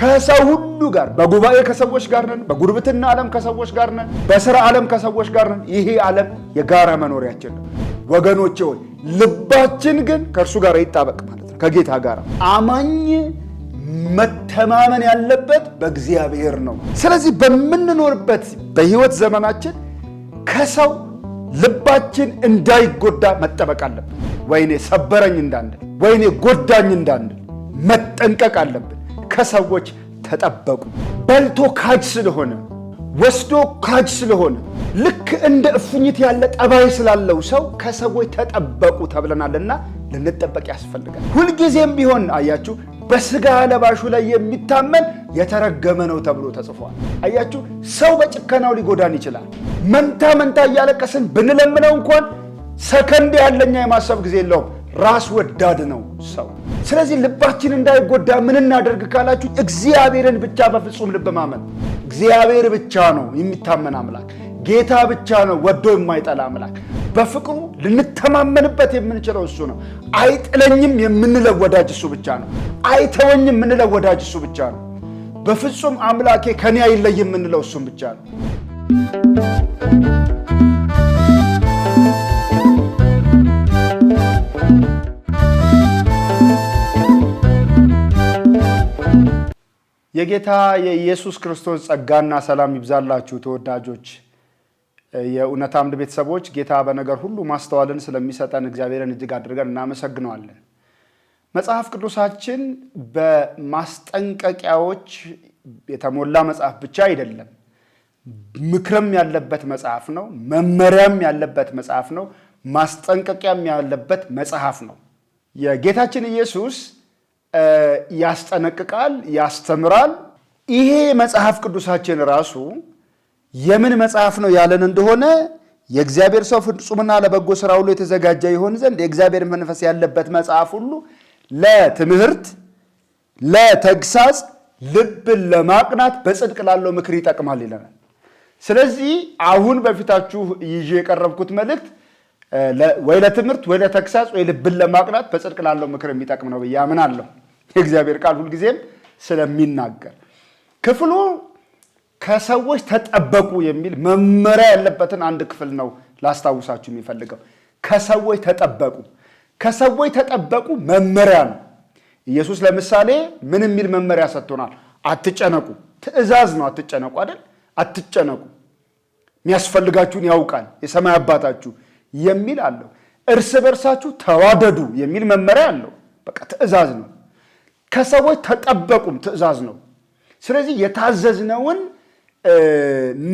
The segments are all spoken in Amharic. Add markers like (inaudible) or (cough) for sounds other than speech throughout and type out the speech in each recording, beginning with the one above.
ከሰው ሁሉ ጋር በጉባኤ ከሰዎች ጋር ነን። በጉርብትና ዓለም ከሰዎች ጋር ነን። በስራ ዓለም ከሰዎች ጋር ነን። ይሄ ዓለም የጋራ መኖሪያችን ነው። ወገኖች ሆይ ልባችን ግን ከእርሱ ጋር ይጣበቅ ማለት ነው። ከጌታ ጋር አማኝ መተማመን ያለበት በእግዚአብሔር ነው። ስለዚህ በምንኖርበት በሕይወት ዘመናችን ከሰው ልባችን እንዳይጎዳ መጠበቅ አለብን። ወይኔ ሰበረኝ እንዳንል፣ ወይኔ ጎዳኝ እንዳንል መጠንቀቅ አለብን። ከሰዎች ተጠበቁ። በልቶ ካጅ ስለሆነ ወስዶ ካጅ ስለሆነ ልክ እንደ እፉኝት ያለ ጠባይ ስላለው ሰው ከሰዎች ተጠበቁ ተብለናልና ልንጠበቅ ያስፈልጋል። ሁልጊዜም ቢሆን አያችሁ በስጋ ለባሹ ላይ የሚታመን የተረገመ ነው ተብሎ ተጽፏል። አያችሁ ሰው በጭከናው ሊጎዳን ይችላል። መንታ መንታ እያለቀስን ብንለምነው እንኳን ሰከንድ ያለኛ የማሰብ ጊዜ የለውም። ራስ ወዳድ ነው ሰው። ስለዚህ ልባችን እንዳይጎዳ ምን እናደርግ ካላችሁ እግዚአብሔርን ብቻ በፍጹም ልብ ማመን። እግዚአብሔር ብቻ ነው የሚታመን አምላክ፣ ጌታ ብቻ ነው ወዶ የማይጠላ አምላክ። በፍቅሩ ልንተማመንበት የምንችለው እሱ ነው። አይጥለኝም የምንለው ወዳጅ እሱ ብቻ ነው። አይተወኝም የምንለው ወዳጅ እሱ ብቻ ነው። በፍጹም አምላኬ ከኔ አይለይ የምንለው እሱም ብቻ ነው። የጌታ የኢየሱስ ክርስቶስ ጸጋና ሰላም ይብዛላችሁ ተወዳጆች የእውነት አምድ ቤተሰቦች። ጌታ በነገር ሁሉ ማስተዋልን ስለሚሰጠን እግዚአብሔርን እጅግ አድርገን እናመሰግነዋለን። መጽሐፍ ቅዱሳችን በማስጠንቀቂያዎች የተሞላ መጽሐፍ ብቻ አይደለም። ምክርም ያለበት መጽሐፍ ነው። መመሪያም ያለበት መጽሐፍ ነው። ማስጠንቀቂያም ያለበት መጽሐፍ ነው። የጌታችን ኢየሱስ ያስጠነቅቃል፣ ያስተምራል። ይሄ መጽሐፍ ቅዱሳችን ራሱ የምን መጽሐፍ ነው ያለን እንደሆነ የእግዚአብሔር ሰው ፍጹምና ለበጎ ስራ ሁሉ የተዘጋጀ ይሆን ዘንድ የእግዚአብሔር መንፈስ ያለበት መጽሐፍ ሁሉ ለትምህርት፣ ለተግሳጽ፣ ልብን ለማቅናት፣ በጽድቅ ላለው ምክር ይጠቅማል ይለናል። ስለዚህ አሁን በፊታችሁ ይዤ የቀረብኩት መልእክት ወይ ለትምህርት ወይ ለተግሳጽ ወይ ልብን ለማቅናት በጽድቅ ላለው ምክር የሚጠቅም ነው ብዬ አምናለሁ። የእግዚአብሔር ቃል ሁልጊዜም ስለሚናገር ክፍሉ ከሰዎች ተጠበቁ የሚል መመሪያ ያለበትን አንድ ክፍል ነው ላስታውሳችሁ የሚፈልገው። ከሰዎች ተጠበቁ፣ ከሰዎች ተጠበቁ መመሪያ ነው። ኢየሱስ ለምሳሌ ምን የሚል መመሪያ ሰጥቶናል? አትጨነቁ። ትእዛዝ ነው። አትጨነቁ አይደል? አትጨነቁ፣ የሚያስፈልጋችሁን ያውቃል የሰማይ አባታችሁ የሚል አለው። እርስ በርሳችሁ ተዋደዱ የሚል መመሪያ አለው። በቃ ትእዛዝ ነው። ከሰዎች ተጠበቁም ትእዛዝ ነው። ስለዚህ የታዘዝነውን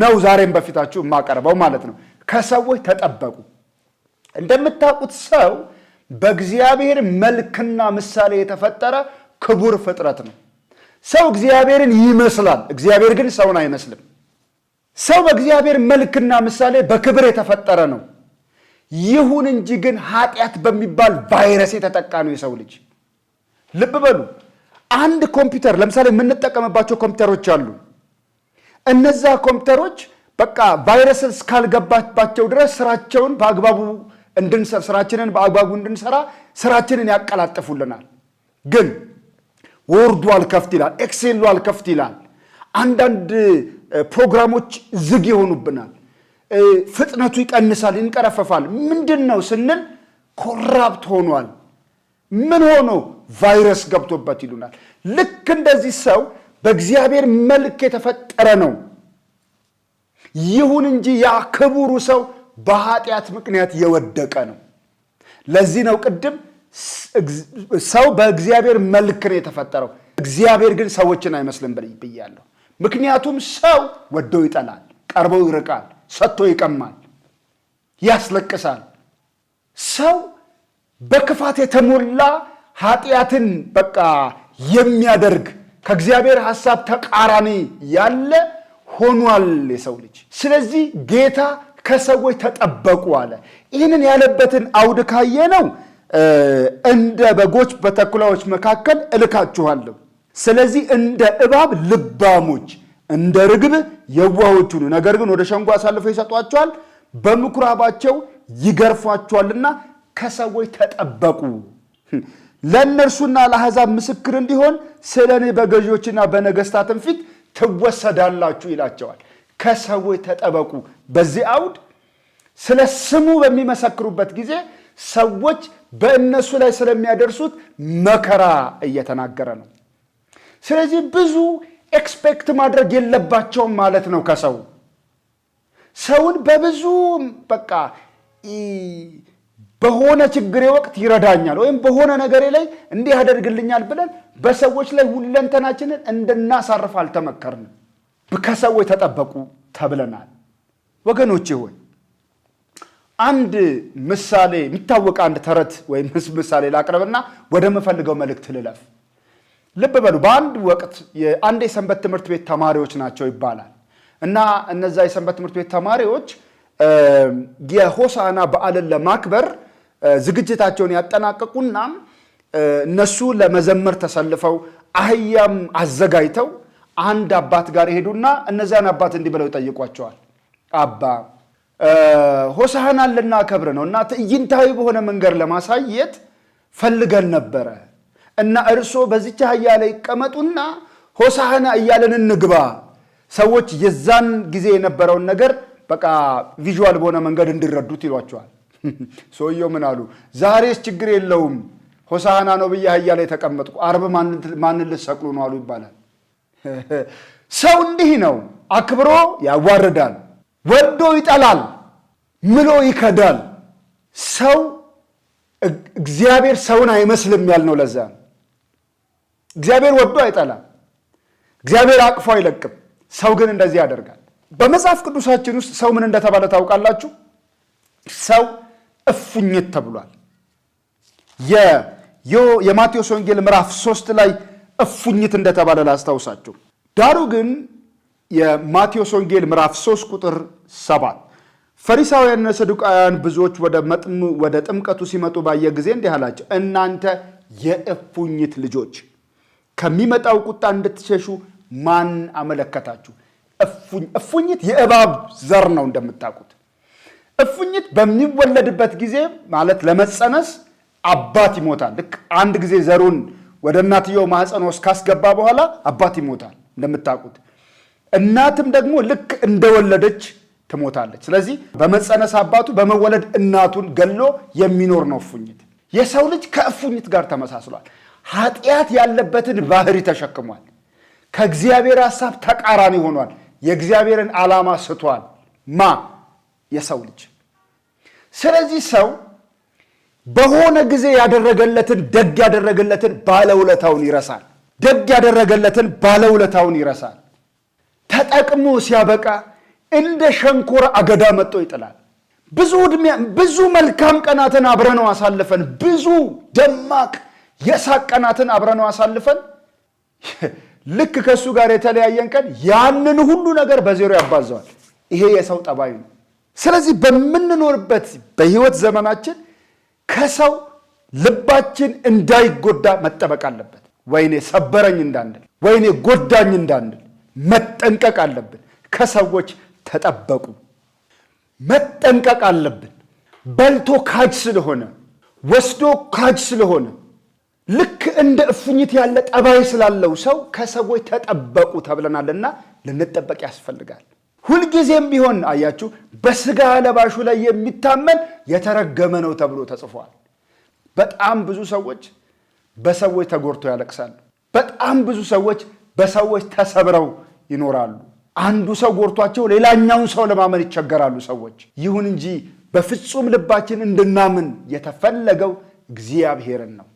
ነው ዛሬም በፊታችሁ የማቀርበው ማለት ነው። ከሰዎች ተጠበቁ። እንደምታውቁት ሰው በእግዚአብሔር መልክና ምሳሌ የተፈጠረ ክቡር ፍጥረት ነው። ሰው እግዚአብሔርን ይመስላል፣ እግዚአብሔር ግን ሰውን አይመስልም። ሰው በእግዚአብሔር መልክና ምሳሌ በክብር የተፈጠረ ነው። ይሁን እንጂ ግን ኃጢአት በሚባል ቫይረስ የተጠቃ ነው የሰው ልጅ። ልብ በሉ። አንድ ኮምፒውተር ለምሳሌ የምንጠቀምባቸው ኮምፒውተሮች አሉ። እነዛ ኮምፒውተሮች በቃ ቫይረስ እስካልገባባቸው ድረስ ስራቸውን በአግባቡ ስራችንን በአግባቡ እንድንሰራ ስራችንን ያቀላጥፉልናል። ግን ወርዱ አልከፍት ይላል፣ ኤክሴሉ አልከፍት ይላል። አንዳንድ ፕሮግራሞች ዝግ ይሆኑብናል፣ ፍጥነቱ ይቀንሳል፣ ይንቀረፈፋል። ምንድን ነው ስንል ኮራፕት ሆኗል። ምን ሆኖ ቫይረስ ገብቶበት ይሉናል። ልክ እንደዚህ ሰው በእግዚአብሔር መልክ የተፈጠረ ነው። ይሁን እንጂ ያ ክቡሩ ሰው በኃጢአት ምክንያት የወደቀ ነው። ለዚህ ነው ቅድም ሰው በእግዚአብሔር መልክ ነው የተፈጠረው፣ እግዚአብሔር ግን ሰዎችን አይመስልም ብያለሁ። ምክንያቱም ሰው ወዶ ይጠላል፣ ቀርበው ይርቃል፣ ሰጥቶ ይቀማል፣ ያስለቅሳል ሰው በክፋት የተሞላ ኃጢአትን በቃ የሚያደርግ ከእግዚአብሔር ሐሳብ ተቃራኒ ያለ ሆኗል የሰው ልጅ። ስለዚህ ጌታ ከሰዎች ተጠበቁ አለ። ይህንን ያለበትን አውድ ካየ ነው እንደ በጎች በተኩላዎች መካከል እልካችኋለሁ። ስለዚህ እንደ እባብ ልባሞች፣ እንደ ርግብ የዋሆች ሁኑ። ነገር ግን ወደ ሸንጎ አሳልፈው ይሰጧቸዋል፣ በምኩራባቸው ይገርፏቸዋልና ከሰዎች ተጠበቁ ለእነርሱና ለአሕዛብ ምስክር እንዲሆን ስለ እኔ በገዢዎችና በነገስታትም ፊት ትወሰዳላችሁ ይላቸዋል። ከሰዎች ተጠበቁ። በዚህ አውድ ስለ ስሙ በሚመሰክሩበት ጊዜ ሰዎች በእነሱ ላይ ስለሚያደርሱት መከራ እየተናገረ ነው። ስለዚህ ብዙ ኤክስፔክት ማድረግ የለባቸውም ማለት ነው። ከሰው ሰውን በብዙ በቃ በሆነ ችግሬ ወቅት ይረዳኛል ወይም በሆነ ነገሬ ላይ እንዲህ ያደርግልኛል ብለን በሰዎች ላይ ሁለንተናችንን እንድናሳርፍ አልተመከርንም። ከሰዎች ተጠበቁ ተብለናል። ወገኖቼ ሆይ አንድ ምሳሌ የሚታወቅ አንድ ተረት ወይም ምሳሌ ላቅረብና ወደምፈልገው መልእክት ልለፍ። ልብ በሉ። በአንድ ወቅት አንድ የሰንበት ትምህርት ቤት ተማሪዎች ናቸው ይባላል እና እነዛ የሰንበት ትምህርት ቤት ተማሪዎች የሆሳና በዓልን ለማክበር ዝግጅታቸውን ያጠናቀቁና እነሱ ለመዘመር ተሰልፈው አህያም አዘጋጅተው አንድ አባት ጋር ይሄዱና እነዚያን አባት እንዲህ ብለው ይጠይቋቸዋል። አባ ሆሳህናን ልናከብር ነው እና ትዕይንታዊ በሆነ መንገድ ለማሳየት ፈልገን ነበረ እና እርሶ በዚች አህያ ላይ ይቀመጡና ሆሳህና እያለን እንግባ። ሰዎች የዛን ጊዜ የነበረውን ነገር በቃ ቪዥዋል በሆነ መንገድ እንዲረዱት ይሏቸዋል። (laughs) ሰውየው ምን አሉ? ዛሬስ ችግር የለውም ሆሳና ነው ብዬ አህያ ላይ ተቀመጥኩ፣ አርብ ማንን ልትሰቅሉ ነው አሉ ይባላል። (laughs) ሰው እንዲህ ነው። አክብሮ ያዋርዳል፣ ወዶ ይጠላል፣ ምሎ ይከዳል። ሰው እግዚአብሔር ሰውን አይመስልም ያልነው ለዛ እግዚአብሔር ወዶ አይጠላም፣ እግዚአብሔር አቅፎ አይለቅም። ሰው ግን እንደዚህ ያደርጋል። በመጽሐፍ ቅዱሳችን ውስጥ ሰው ምን እንደተባለ ታውቃላችሁ? ሰው እፉኝት ተብሏል። የማቴዎስ ወንጌል ምዕራፍ ሶስት ላይ እፉኝት እንደተባለ ላስታውሳችሁ። ዳሩ ግን የማቴዎስ ወንጌል ምዕራፍ ሶስት ቁጥር ሰባት ፈሪሳውያንና ሰዱቃውያን ብዙዎች ወደ ጥምቀቱ ሲመጡ ባየ ጊዜ እንዲህ አላቸው፣ እናንተ የእፉኝት ልጆች ከሚመጣው ቁጣ እንድትሸሹ ማን አመለከታችሁ? እፉኝት የእባብ ዘር ነው እንደምታውቁት። እፉኝት በሚወለድበት ጊዜ ማለት ለመፀነስ አባት ይሞታል። ልክ አንድ ጊዜ ዘሩን ወደ እናትየው ማህፀን ውስጥ ካስገባ በኋላ አባት ይሞታል እንደምታውቁት። እናትም ደግሞ ልክ እንደወለደች ትሞታለች። ስለዚህ በመፀነስ አባቱ በመወለድ እናቱን ገሎ የሚኖር ነው እፉኝት። የሰው ልጅ ከእፉኝት ጋር ተመሳስሏል። ኃጢአት ያለበትን ባህሪ ተሸክሟል። ከእግዚአብሔር ሐሳብ ተቃራኒ ሆኗል። የእግዚአብሔርን ዓላማ ስቷል ማ የሰው ልጅ። ስለዚህ ሰው በሆነ ጊዜ ያደረገለትን ደግ ያደረገለትን ባለውለታውን ይረሳል። ደግ ያደረገለትን ባለውለታውን ይረሳል። ተጠቅሞ ሲያበቃ እንደ ሸንኮራ አገዳ መጥቶ ይጥላል። ብዙ ዕድሜ ብዙ መልካም ቀናትን አብረነው አሳልፈን ብዙ ደማቅ የሳቅ ቀናትን አብረነው አሳልፈን (laughs) ልክ ከእሱ ጋር የተለያየን ቀን ያንን ሁሉ ነገር በዜሮ ያባዘዋል። ይሄ የሰው ጠባይ ነው። ስለዚህ በምንኖርበት በህይወት ዘመናችን ከሰው ልባችን እንዳይጎዳ መጠበቅ አለበት። ወይኔ ሰበረኝ እንዳንል፣ ወይኔ ጎዳኝ እንዳንል መጠንቀቅ አለብን። ከሰዎች ተጠበቁ፣ መጠንቀቅ አለብን። በልቶ ካጅ ስለሆነ ወስዶ ካጅ ስለሆነ ልክ እንደ እፉኝት ያለ ጠባይ ስላለው ሰው ከሰዎች ተጠበቁ ተብለናልና ልንጠበቅ ያስፈልጋል። ሁልጊዜም ቢሆን አያችሁ በስጋ ለባሹ ላይ የሚታመን የተረገመ ነው ተብሎ ተጽፏል። በጣም ብዙ ሰዎች በሰዎች ተጎድተው ያለቅሳሉ። በጣም ብዙ ሰዎች በሰዎች ተሰብረው ይኖራሉ። አንዱ ሰው ጎድቷቸው ሌላኛውን ሰው ለማመን ይቸገራሉ ሰዎች። ይሁን እንጂ በፍጹም ልባችን እንድናምን የተፈለገው እግዚአብሔርን ነው።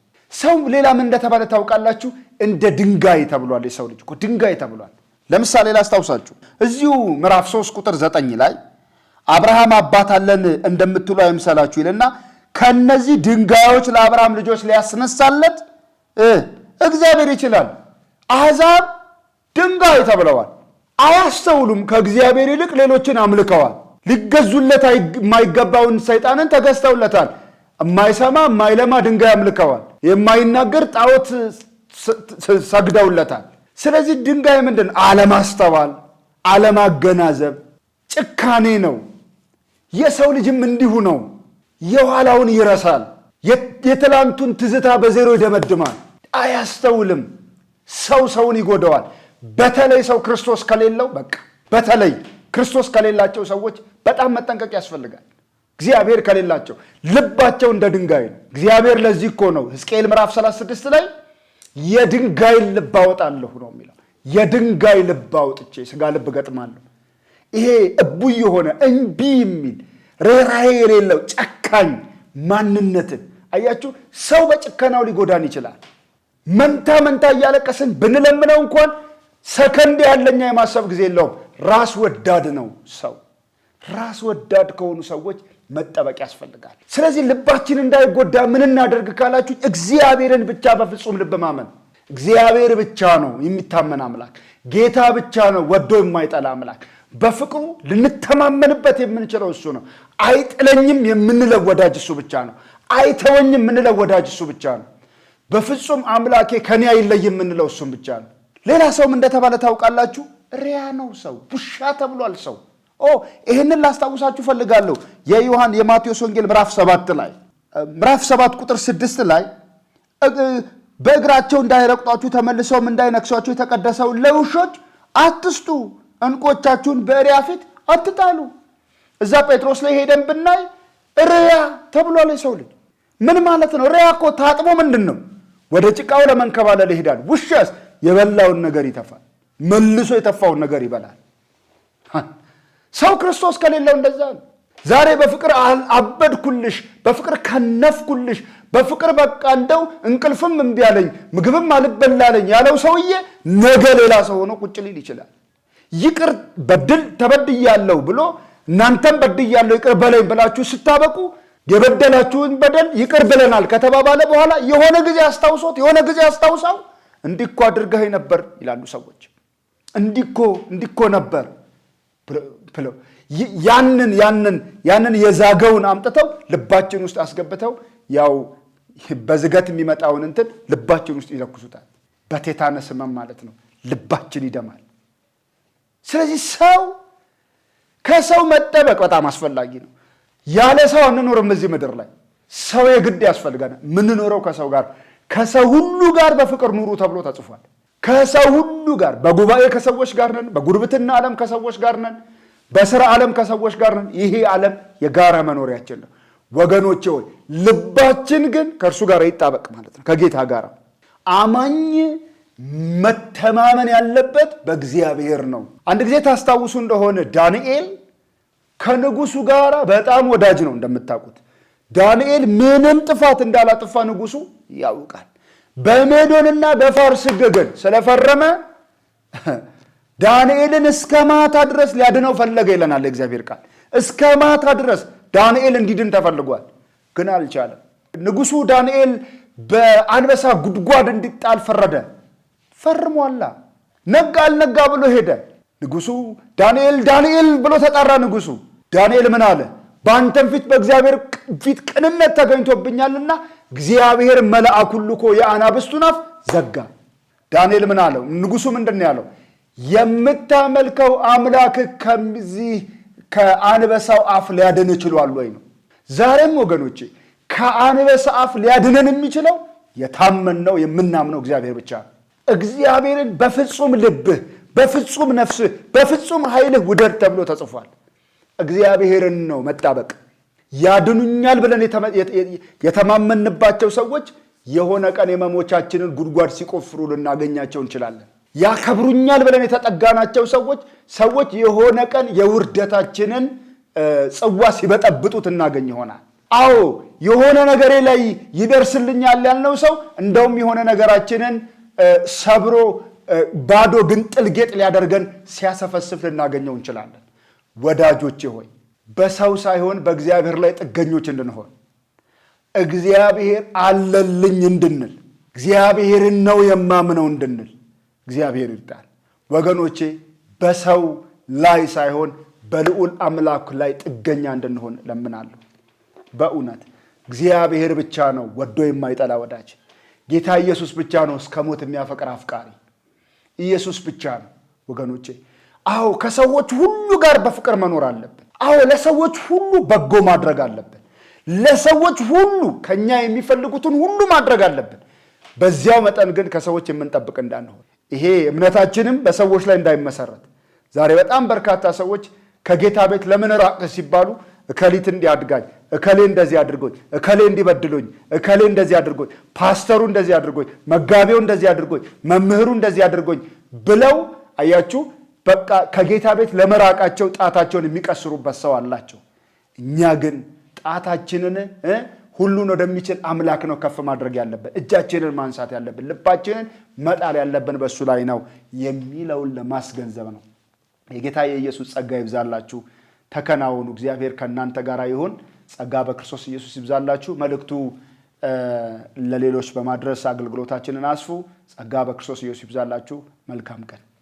ሰው ሌላ ምን እንደተባለ ታውቃላችሁ? እንደ ድንጋይ ተብሏል። የሰው ልጅ ድንጋይ ተብሏል። ለምሳሌ ላስታውሳችሁ እዚሁ ምዕራፍ 3 ቁጥር 9 ላይ አብርሃም አባት አለን እንደምትሉ አይምሰላችሁ ይልና ከነዚህ ድንጋዮች ለአብርሃም ልጆች ሊያስነሳለት እግዚአብሔር ይችላል። አሕዛብ ድንጋይ ተብለዋል። አያስተውሉም። ከእግዚአብሔር ይልቅ ሌሎችን አምልከዋል። ሊገዙለት የማይገባውን ሰይጣንን ተገዝተውለታል። የማይሰማ የማይለማ ድንጋይ አምልከዋል። የማይናገር ጣዖት ሰግደውለታል። ስለዚህ ድንጋይ ምንድን አለማስተዋል፣ አለማገናዘብ ጭካኔ ነው። የሰው ልጅም እንዲሁ ነው። የኋላውን ይረሳል። የትላንቱን ትዝታ በዜሮ ይደመድማል። አያስተውልም። ሰው ሰውን ይጎደዋል። በተለይ ሰው ክርስቶስ ከሌለው በቃ በተለይ ክርስቶስ ከሌላቸው ሰዎች በጣም መጠንቀቅ ያስፈልጋል። እግዚአብሔር ከሌላቸው ልባቸው እንደ ድንጋይ ነው። እግዚአብሔር ለዚህ እኮ ነው ሕዝቅኤል ምዕራፍ 36 ላይ የድንጋይ ልብ አወጣለሁ ነው የሚለው። የድንጋይ ልብ አውጥቼ ስጋ ልብ ገጥማለሁ። ይሄ እቡ የሆነ እንቢ የሚል ርኅራኄ የሌለው ጨካኝ ማንነትን አያችሁ። ሰው በጭከናው ሊጎዳን ይችላል። መንታ መንታ እያለቀስን ብንለምነው እንኳን ሰከንድ ያለኛ የማሰብ ጊዜ የለውም። ራስ ወዳድ ነው ሰው። ራስ ወዳድ ከሆኑ ሰዎች መጠበቅ ያስፈልጋል። ስለዚህ ልባችን እንዳይጎዳ ምን እናደርግ ካላችሁ እግዚአብሔርን ብቻ በፍጹም ልብ ማመን። እግዚአብሔር ብቻ ነው የሚታመን አምላክ፣ ጌታ ብቻ ነው ወዶ የማይጠላ አምላክ። በፍቅሩ ልንተማመንበት የምንችለው እሱ ነው። አይጥለኝም የምንለው ወዳጅ እሱ ብቻ ነው። አይተወኝም የምንለው ወዳጅ እሱ ብቻ ነው። በፍጹም አምላኬ ከኔ አይለይ የምንለው እሱም ብቻ ነው። ሌላ ሰውም እንደተባለ ታውቃላችሁ፣ ሪያ ነው ሰው፣ ውሻ ተብሏል ሰው ኦ ይህንን ላስታውሳችሁ ፈልጋለሁ። የዮሐን የማቴዎስ ወንጌል ምዕራፍ ሰባት ላይ ምዕራፍ ሰባት ቁጥር ስድስት ላይ በእግራቸው እንዳይረቅጧችሁ ተመልሰውም እንዳይነክሷችሁ የተቀደሰውን ለውሾች አትስጡ፣ እንቆቻችሁን በእሪያ ፊት አትጣሉ። እዛ ጴጥሮስ ላይ ሄደን ብናይ ርያ ተብሏል። የሰው ልጅ ምን ማለት ነው? ርያ እኮ ታጥቦ ምንድን ነው ወደ ጭቃው ለመንከባለል ይሄዳል። ውሻስ የበላውን ነገር ይተፋል፣ መልሶ የተፋውን ነገር ይበላል። ሰው ክርስቶስ ከሌለው እንደዛ ነው። ዛሬ በፍቅር አበድኩልሽ፣ በፍቅር ከነፍኩልሽ፣ በፍቅር በቃ እንደው እንቅልፍም እምቢ አለኝ፣ ምግብም አልበላለኝ ያለው ሰውዬ ነገ ሌላ ሰው ሆኖ ቁጭ ሊል ይችላል። ይቅር በድል ተበድያለሁ ብሎ እናንተም በድያለሁ ይቅር በለኝ ብላችሁ ስታበቁ የበደላችሁን በደል ይቅር ብለናል ከተባባለ በኋላ የሆነ ጊዜ አስታውሶት የሆነ ጊዜ አስታውሳው እንዲኮ እኮ አድርገኸኝ ነበር ይላሉ ሰዎች። እንዲኮ እንዲኮ ነበር ያንን ያንን ያንን የዛገውን አምጥተው ልባችን ውስጥ አስገብተው ያው በዝገት የሚመጣውን እንትን ልባችን ውስጥ ይለኩሱታል። በቴታነስ ህመም ማለት ነው። ልባችን ይደማል። ስለዚህ ሰው ከሰው መጠበቅ በጣም አስፈላጊ ነው። ያለ ሰው አንኖርም እዚህ ምድር ላይ። ሰው የግድ ያስፈልገናል። የምንኖረው ከሰው ጋር ከሰው ሁሉ ጋር በፍቅር ኑሩ ተብሎ ተጽፏል። ከሰው ሁሉ ጋር በጉባኤ ከሰዎች ጋር ነን፣ በጉርብትና ዓለም ከሰዎች ጋር ነን። በስራ ዓለም ከሰዎች ጋር ነን። ይሄ ዓለም የጋራ መኖሪያችን ነው። ወገኖቼ ሆይ ልባችን ግን ከእርሱ ጋር ይጣበቅ ማለት ነው፣ ከጌታ ጋር አማኝ መተማመን ያለበት በእግዚአብሔር ነው። አንድ ጊዜ ታስታውሱ እንደሆነ ዳንኤል ከንጉሱ ጋር በጣም ወዳጅ ነው። እንደምታውቁት ዳንኤል ምንም ጥፋት እንዳላጥፋ ንጉሱ ያውቃል። በሜዶንና በፋርስ ሕግ ግን ስለፈረመ (laughs) ዳንኤልን እስከ ማታ ድረስ ሊያድነው ፈለገ ይለናል እግዚአብሔር ቃል። እስከ ማታ ድረስ ዳንኤል እንዲድን ተፈልጓል፣ ግን አልቻለም። ንጉሱ ዳንኤል በአንበሳ ጉድጓድ እንዲጣል ፈረደ። ፈርሟላ። ነጋ አልነጋ ብሎ ሄደ። ንጉሱ ዳንኤል ዳንኤል ብሎ ተጠራ። ንጉሱ ዳንኤል ምን አለ? በአንተም ፊት በእግዚአብሔር ፊት ቅንነት ተገኝቶብኛልና እግዚአብሔር መልአኩን ልኮ የአናብስቱን አፍ ዘጋ። ዳንኤል ምን አለው? ንጉሱ ምንድን ነው ያለው? የምታመልከው አምላክ ከዚህ ከአንበሳው አፍ ሊያድን ችሏል ወይ ነው። ዛሬም ወገኖቼ ከአንበሳ አፍ ሊያድነን የሚችለው የታመንነው የምናምነው እግዚአብሔር ብቻ ነው። እግዚአብሔርን በፍጹም ልብህ፣ በፍጹም ነፍስህ፣ በፍጹም ኃይልህ ውደድ ተብሎ ተጽፏል። እግዚአብሔርን ነው መጣበቅ። ያድኑኛል ብለን የተማመንባቸው ሰዎች የሆነ ቀን የመሞቻችንን ጉድጓድ ሲቆፍሩ ልናገኛቸው እንችላለን። ያከብሩኛል ብለን የተጠጋናቸው ሰዎች ሰዎች የሆነ ቀን የውርደታችንን ጽዋ ሲበጠብጡት እናገኝ ይሆናል። አዎ የሆነ ነገሬ ላይ ይደርስልኛል ያልነው ሰው እንደውም የሆነ ነገራችንን ሰብሮ ባዶ ግንጥል ጌጥ ሊያደርገን ሲያሰፈስፍ ልናገኘው እንችላለን። ወዳጆቼ ሆይ በሰው ሳይሆን በእግዚአብሔር ላይ ጥገኞች እንድንሆን እግዚአብሔር አለልኝ እንድንል እግዚአብሔርን ነው የማምነው እንድንል እግዚአብሔር ይርዳል። ወገኖቼ በሰው ላይ ሳይሆን በልዑል አምላክ ላይ ጥገኛ እንድንሆን ለምናለሁ። በእውነት እግዚአብሔር ብቻ ነው ወዶ የማይጠላ ወዳጅ። ጌታ ኢየሱስ ብቻ ነው እስከ ሞት የሚያፈቅር አፍቃሪ። ኢየሱስ ብቻ ነው ወገኖቼ። አዎ ከሰዎች ሁሉ ጋር በፍቅር መኖር አለብን። አዎ ለሰዎች ሁሉ በጎ ማድረግ አለብን። ለሰዎች ሁሉ ከኛ የሚፈልጉትን ሁሉ ማድረግ አለብን። በዚያው መጠን ግን ከሰዎች የምንጠብቅ እንዳንሆን ይሄ እምነታችንም በሰዎች ላይ እንዳይመሰረት ዛሬ በጣም በርካታ ሰዎች ከጌታ ቤት ለምን ራቅ ሲባሉ እከሊት እንዲያድጋኝ እከሌ እንደዚህ አድርጎኝ እከሌ እንዲበድሎኝ እከሌ እንደዚህ አድርጎኝ ፓስተሩ እንደዚህ አድርጎኝ መጋቢው እንደዚህ አድርጎኝ መምህሩ እንደዚህ አድርጎኝ ብለው አያችሁ፣ በቃ ከጌታ ቤት ለመራቃቸው ጣታቸውን የሚቀስሩበት ሰው አላቸው። እኛ ግን ጣታችንን ሁሉን ወደሚችል አምላክ ነው ከፍ ማድረግ ያለብን፣ እጃችንን ማንሳት ያለብን፣ ልባችንን መጣል ያለብን በእሱ ላይ ነው የሚለውን ለማስገንዘብ ነው። የጌታ የኢየሱስ ጸጋ ይብዛላችሁ። ተከናወኑ። እግዚአብሔር ከእናንተ ጋር ይሁን። ጸጋ በክርስቶስ ኢየሱስ ይብዛላችሁ። መልእክቱ ለሌሎች በማድረስ አገልግሎታችንን አስፉ። ጸጋ በክርስቶስ ኢየሱስ ይብዛላችሁ። መልካም ቀን